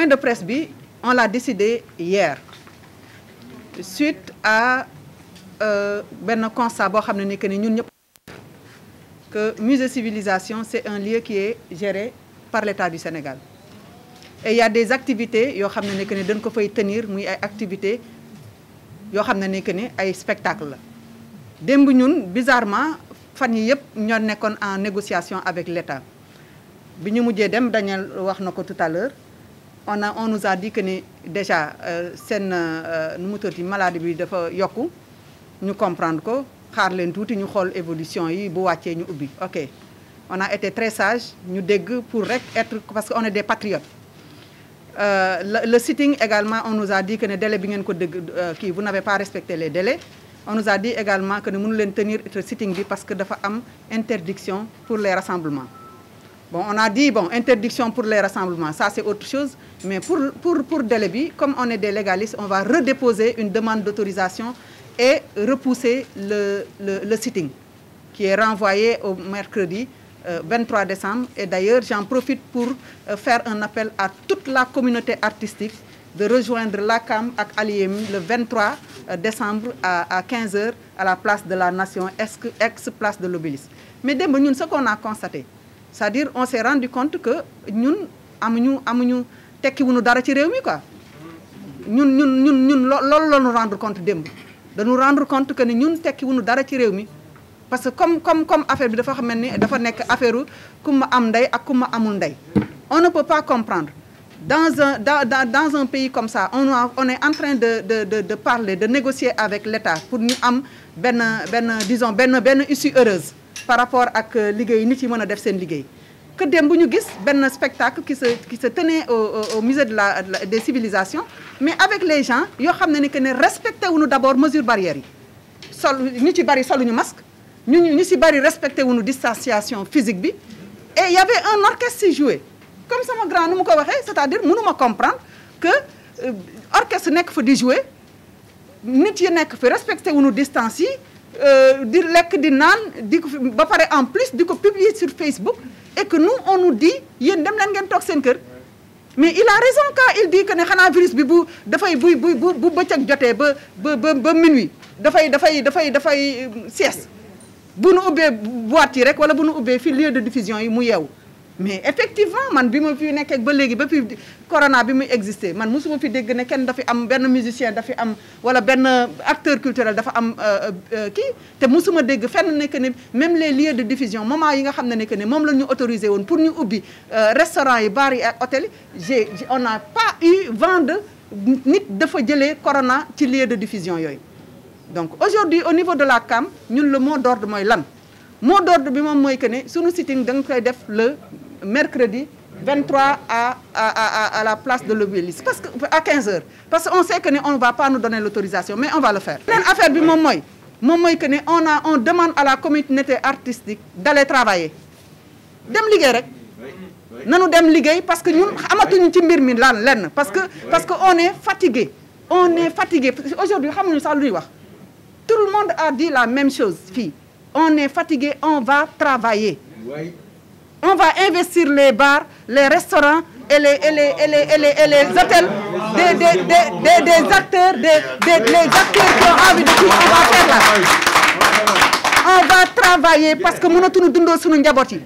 point de presse bi on l'a décidé hier suite à euh, benn constat boo xam ne ni que ni ñun ñëpp que musée civilisation c'est un lieu qui est géré par l'État du Sénégal et il des activités yoo xam ne ni que ni dañ ko fay tenir muy ay activités yoo xam ne ni que ni ay spectacle la démb ñun bizarrement fan yi yëpp ñoo nekkoon en négociation avec l'État bi ñu mujjee dem Daniel wax na ko tout on a on nous a di que ni déjà euh, seen euh, nu mu tudd maladie bi dafa yokk ñu comprendre ko xaar leen tuuti ñu xool évolution yi bu wàccee ñu ubbi ok on a été très sage ñu dégg pour rek être parce que on est des patriotes. Euh, le, le sitting également on nous a dit que ne délai bi ngeen ko dégg euh, kii vous n'avez pas respecté les délais. on nous a dit également que ne mënu leen tenir sitting bi parce que dafa am interdiction pour les rassemblements bon on a dit interdiction pour les rassemblements ça c'est autre chose. Mais pour, pour, pour délai bi, comme on est des légalistes, on va redéposer une demande d'autorisation et repousser le, le, le, sitting qui est renvoyé au mercredi euh, 23 décembre. Et d'ailleurs, j'en profite pour euh, faire un appel à toute la communauté artistique de rejoindre l'ACAM avec Aliem le 23 euh, décembre à, à 15h à la place de la Nation, ex-place de l'Obélisque. Mais dès nous, ce qu'on a constaté, c'est-à-dire on s'est rendu compte que nous, nous, nous tekki wuñu dara ci réew mi quoi ñun ñun ñun ñun loolu la ñu rendre compte démb dañu rendre compte que ni ñun tekki wuñu dara ci réew mi parce que comme comme comme affaire bi dafa xamante ni dafa nekk affaire ku am ndey ak ku amul ndey on ne peut pas comprendre dans un dans dans un pays comme ça on a, on est en de de de de parler de négocier avec l'État pour ñu am benn benn dison benn benn issue heureuse par rapport ak liggéey nit yi mën a def seen liggéey que bu ñu gis benn spectacle qui se qui se tenait au musée de la des civilisations mais avec les gens yoo xam ne ni que ne respecté wuñu d' abord mesure barrière yi sol ñu ci bari soluñu masque ñu ñu si bari respecté wuñu distanciation physique bi et y avait un orchestre si joué comme sama grand nu mu ko waxee c' est à dire ma comprendre que euh, orchestre nekk fa di jouer nit yi nekk fi respecté wuñu distance yi euh, di lekk di naan di ko ba pare en plus di ko publier sur Facebook et que nous on nous yéen dem leen ngeen toog seen kër mais il a raison quand il dit que ne xanaa virus bi bu dafay buy buy bu bu bëccëg jotee ba ba ba ba minuit dafay dafay dafay dafay euh, sieste bu nu ubbee boîte yi rek wala bu nu ubbee fi de diffusion yi mu yeewu mais effectivement man bi ma fi nekkee ba léegi ba fi corona bi muy existé man mosuma fi dégg ne kenn dafi am benn musicien dafi am wala benn acteur culturel dafa am euh, euh, euh, kii te mosuma dégg fenn nekk ne même les lieux de diffusion moment yi nga xam ne nekk ne moom la ñu autorisé woon pour ñu ubbi restaurant yi bar yi ak hôtel j'ai on n'a pas eu vent de nit dafa jëlee corona ci lieu de diffusion yooyu donc aujourd'hui au niveau de la CAM ñun le mot d'ordre mooy lan mot d'ordre bi moom mooy que ne sunu sitting da koy def le mercredi 23 à, à, à, à la place de l'obélisque parce que à 15 heures parce qu'on sait que ne on va pas nous donner l'autorisation mais on va le faire beneen affaire bi moom mooy moom mooy que ni on a on demande à la communauté artistique d'aller travailler dem liggéey rek nanu dem liggéey parce que ñun amatuñu ci mbir mi lan lenn parce que parce que on est fatigué on est fatigué aujourd'hui xamuñu sax lu ñuy wax tout le monde a dit la même chose fii on est fatigué on va travailler on va investir les bars, les restaurants et les, et les, et les, et les, et les hôtels des, des, des, des, acteurs, des, les acteurs qui ont envie de tout, on va faire là. On va travailler parce que mënatuñu dundoo suñu njaboot yi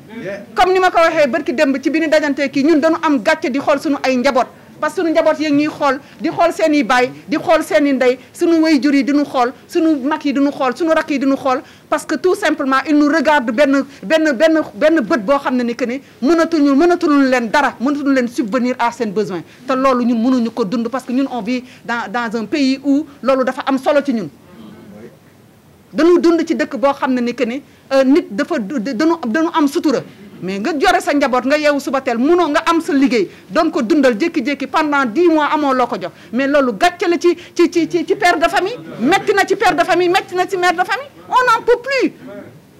comme ni ma ko waxee barki démb ci bi ñu dajantee kii ñun dañu am gàcce di xool suñu ay njaboot parce que suñu njaboot yi ñuy xool di xool seeni baay di xool seen i ndey suñu waajur yi diñu xool suñu nag yi diñu xool suñu rakk yi diñu xool parce que tout simplement ils nous regardent benn benn benn benn bët boo xam ne ni que ni mënatuñu mënatuñu leen dara mënatuñu leen subvenir à seen besoin te loolu ñun mënuñu ko dund parce que ñun on vit dans dans un pays où loolu dafa am solo ci ñun dañu dund ci dëkk boo xam ne ni que ni euh, nit dafa dañu dañu am sutura mais nga jore sa njaboot nga yeewu suba teel munoo nga am sa liggéey doon ko dundal jékki-jékki pendant 10 mois amoo loo ko jox mais loolu gàcce la ci ci ci ci ci père de famille métti na ci père de famille métti na ci mère de famille on n'en peut plus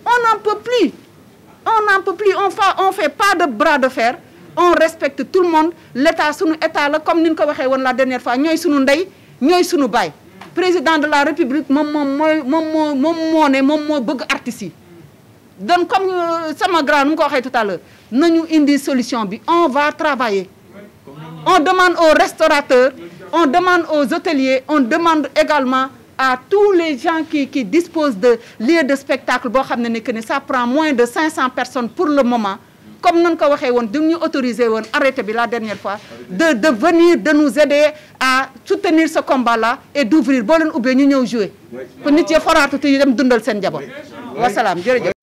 on n'en peut plus on n'en peut plus on fa on fait pas de bras de fer on respecte tout le monde l'état sunu état la comme ni ñu ko waxee woon la dernière fois ñooy sunu ndey ñooy sunu baay président la république moom moom mooy moom moo moom moo moom moo bëgg artistes donc comme euh, sama grand nu mu ko waxee tout à na ñu indi solution bi on va travailler on demande aux restaurateurs on demande aux hôteliers on demande également à tous les gens qui qui disposent de lieux de spectacle boo xam ne ne que ne ça prend moins de 500 personnes pour le moment comme nous l'avons dit, nous autoriser arrêter la dernière fois, de, de, venir, de nous aider à soutenir ce combat-là et d'ouvrir. Bon, ou bien nous jouer. Pour nous dire, il faut que nous nous donnions le Sénégal.